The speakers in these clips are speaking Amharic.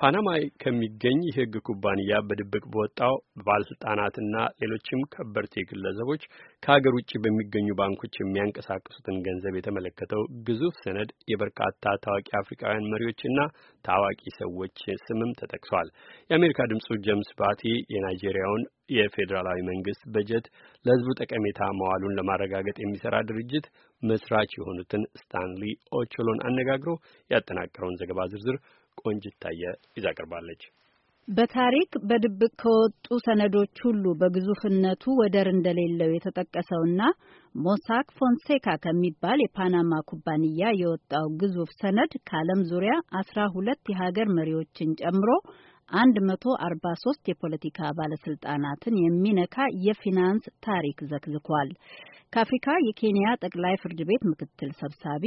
ፓናማ ከሚገኝ የህግ ኩባንያ በድብቅ በወጣው ባለስልጣናትና ሌሎችም ከበርቴ ግለሰቦች ከሀገር ውጭ በሚገኙ ባንኮች የሚያንቀሳቅሱትን ገንዘብ የተመለከተው ግዙፍ ሰነድ የበርካታ ታዋቂ አፍሪካውያን መሪዎችና ታዋቂ ሰዎች ስምም ተጠቅሷል። የአሜሪካ ድምፁ ጀምስ ባቲ የናይጄሪያውን የፌዴራላዊ መንግስት በጀት ለህዝቡ ጠቀሜታ መዋሉን ለማረጋገጥ የሚሰራ ድርጅት መስራች የሆኑትን ስታንሊ ኦቾሎን አነጋግሮ ያጠናቀረውን ዘገባ ዝርዝር ቆንጅታየ ይዛ ቀርባለች። በታሪክ በድብቅ ከወጡ ሰነዶች ሁሉ በግዙፍነቱ ወደር እንደሌለው የተጠቀሰውና ሞሳክ ፎንሴካ ከሚባል የፓናማ ኩባንያ የወጣው ግዙፍ ሰነድ ከዓለም ዙሪያ አስራ ሁለት የሀገር መሪዎችን ጨምሮ 143 የፖለቲካ ባለስልጣናትን የሚነካ የፊናንስ ታሪክ ዘክዝኳል። ከአፍሪካ የኬንያ ጠቅላይ ፍርድ ቤት ምክትል ሰብሳቢ፣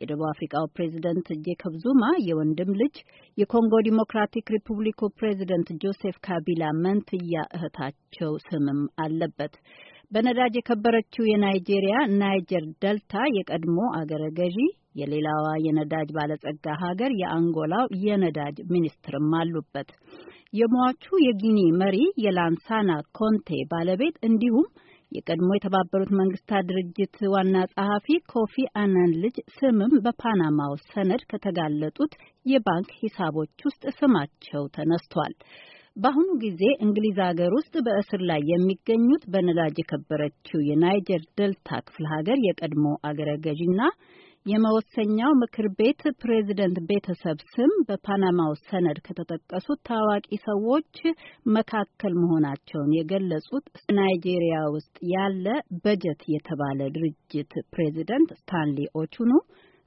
የደቡብ አፍሪካው ፕሬዚደንት ጄኮብ ዙማ የወንድም ልጅ፣ የኮንጎ ዲሞክራቲክ ሪፑብሊኩ ፕሬዚደንት ጆሴፍ ካቢላ መንትያ እህታቸው ስምም አለበት። በነዳጅ የከበረችው የናይጄሪያ ናይጀር ደልታ የቀድሞ አገረ ገዢ የሌላዋ የነዳጅ ባለጸጋ ሀገር የአንጎላው የነዳጅ ሚኒስትርም አሉበት። የሟቹ የጊኒ መሪ የላንሳና ኮንቴ ባለቤት እንዲሁም የቀድሞ የተባበሩት መንግስታት ድርጅት ዋና ጸሐፊ ኮፊ አናን ልጅ ስምም በፓናማው ሰነድ ከተጋለጡት የባንክ ሂሳቦች ውስጥ ስማቸው ተነስቷል። በአሁኑ ጊዜ እንግሊዝ ሀገር ውስጥ በእስር ላይ የሚገኙት በነዳጅ የከበረችው የናይጀር ደልታ ክፍለ ሀገር የቀድሞ አገረ ገዥና የመወሰኛው ምክር ቤት ፕሬዚደንት ቤተሰብ ስም በፓናማው ሰነድ ከተጠቀሱት ታዋቂ ሰዎች መካከል መሆናቸውን የገለጹት ናይጄሪያ ውስጥ ያለ በጀት የተባለ ድርጅት ፕሬዚደንት ስታንሊ ኦቹኑ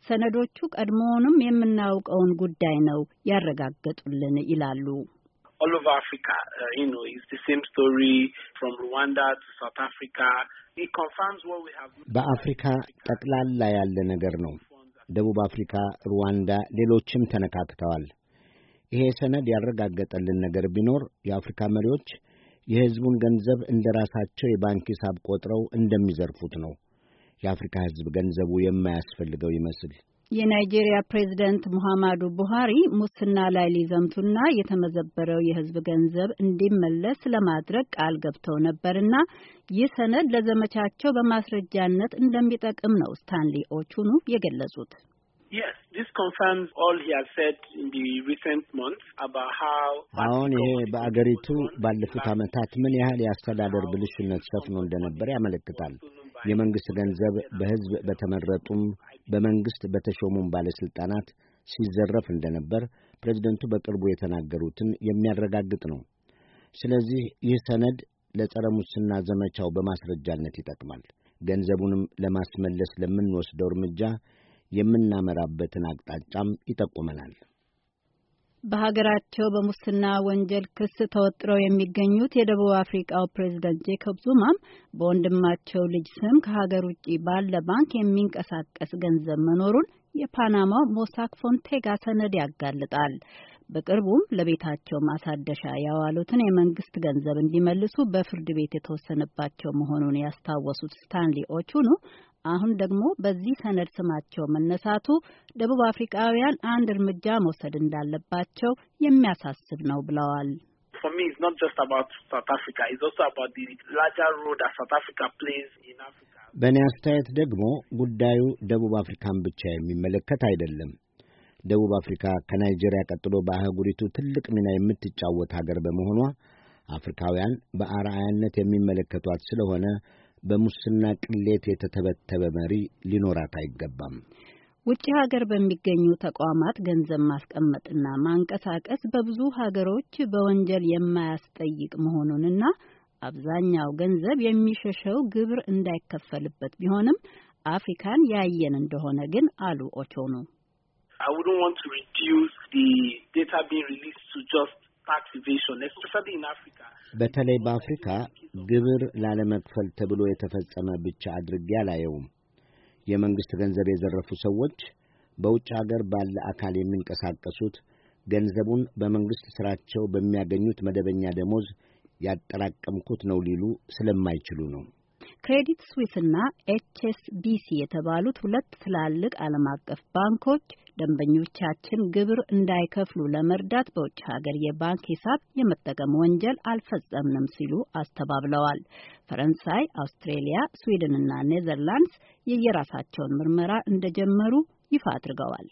ሰነዶቹ ቀድሞውንም የምናውቀውን ጉዳይ ነው ያረጋገጡልን ይላሉ። all over Africa. Uh, you know, it's the same story from Rwanda to South Africa. It confirms what we have. በአፍሪካ ጠቅላላ ያለ ነገር ነው። ደቡብ አፍሪካ፣ ሩዋንዳ፣ ሌሎችም ተነካክተዋል። ይሄ ሰነድ ያረጋገጠልን ነገር ቢኖር የአፍሪካ መሪዎች የሕዝቡን ገንዘብ እንደ ራሳቸው የባንክ ሂሳብ ቆጥረው እንደሚዘርፉት ነው። የአፍሪካ ሕዝብ ገንዘቡ የማያስፈልገው ይመስል የናይጄሪያ ፕሬዝደንት ሙሐማዱ ቡሃሪ ሙስና ላይ ሊዘምቱና የተመዘበረው የሕዝብ ገንዘብ እንዲመለስ ለማድረግ ቃል ገብተው ነበርና ይህ ሰነድ ለዘመቻቸው በማስረጃነት እንደሚጠቅም ነው ስታንሊ ኦቹኑ የገለጹት። አሁን ይሄ በአገሪቱ ባለፉት ዓመታት ምን ያህል የአስተዳደር ብልሽነት ሰፍኖ እንደነበር ያመለክታል። የመንግሥት ገንዘብ በሕዝብ በተመረጡም በመንግሥት በተሾሙም ባለሥልጣናት ሲዘረፍ እንደነበር ፕሬዚደንቱ በቅርቡ የተናገሩትን የሚያረጋግጥ ነው። ስለዚህ ይህ ሰነድ ለጸረ ሙስና ዘመቻው በማስረጃነት ይጠቅማል። ገንዘቡንም ለማስመለስ ለምንወስደው እርምጃ የምናመራበትን አቅጣጫም ይጠቁመናል። በሀገራቸው በሙስና ወንጀል ክስ ተወጥረው የሚገኙት የደቡብ አፍሪቃው ፕሬዚደንት ጄኮብ ዙማም በወንድማቸው ልጅ ስም ከሀገር ውጭ ባለ ባንክ የሚንቀሳቀስ ገንዘብ መኖሩን የፓናማው ሞሳክ ፎንቴጋ ሰነድ ያጋልጣል። በቅርቡም ለቤታቸው ማሳደሻ ያዋሉትን የመንግስት ገንዘብ እንዲመልሱ በፍርድ ቤት የተወሰነባቸው መሆኑን ያስታወሱት ስታንሊ ኦቹኑ አሁን ደግሞ በዚህ ሰነድ ስማቸው መነሳቱ ደቡብ አፍሪካውያን አንድ እርምጃ መውሰድ እንዳለባቸው የሚያሳስብ ነው ብለዋል። በእኔ አስተያየት ደግሞ ጉዳዩ ደቡብ አፍሪካን ብቻ የሚመለከት አይደለም። ደቡብ አፍሪካ ከናይጄሪያ ቀጥሎ በአህጉሪቱ ትልቅ ሚና የምትጫወት ሀገር በመሆኗ አፍሪካውያን በአርአያነት የሚመለከቷት ስለሆነ በሙስና ቅሌት የተተበተበ መሪ ሊኖራት አይገባም። ውጭ ሀገር በሚገኙ ተቋማት ገንዘብ ማስቀመጥና ማንቀሳቀስ በብዙ ሀገሮች በወንጀል የማያስጠይቅ መሆኑንና አብዛኛው ገንዘብ የሚሸሸው ግብር እንዳይከፈልበት ቢሆንም አፍሪካን ያየን እንደሆነ ግን አሉ ኦቾኑ። I wouldn't want to reduce the data being released to just በተለይ በአፍሪካ ግብር ላለመክፈል ተብሎ የተፈጸመ ብቻ አድርጌ አላየውም። የመንግሥት ገንዘብ የዘረፉ ሰዎች በውጭ አገር ባለ አካል የሚንቀሳቀሱት ገንዘቡን በመንግሥት ሥራቸው በሚያገኙት መደበኛ ደሞዝ ያጠራቀምኩት ነው ሊሉ ስለማይችሉ ነው። ክሬዲት ስዊስና ኤችኤስቢሲ የተባሉት ሁለት ትላልቅ ዓለም አቀፍ ባንኮች ደንበኞቻችን ግብር እንዳይከፍሉ ለመርዳት በውጭ ሀገር የባንክ ሂሳብ የመጠቀም ወንጀል አልፈጸምንም ሲሉ አስተባብለዋል። ፈረንሳይ፣ አውስትሬሊያ፣ ስዊድንና ኔዘርላንድስ የየራሳቸውን ምርመራ እንደጀመሩ ይፋ አድርገዋል።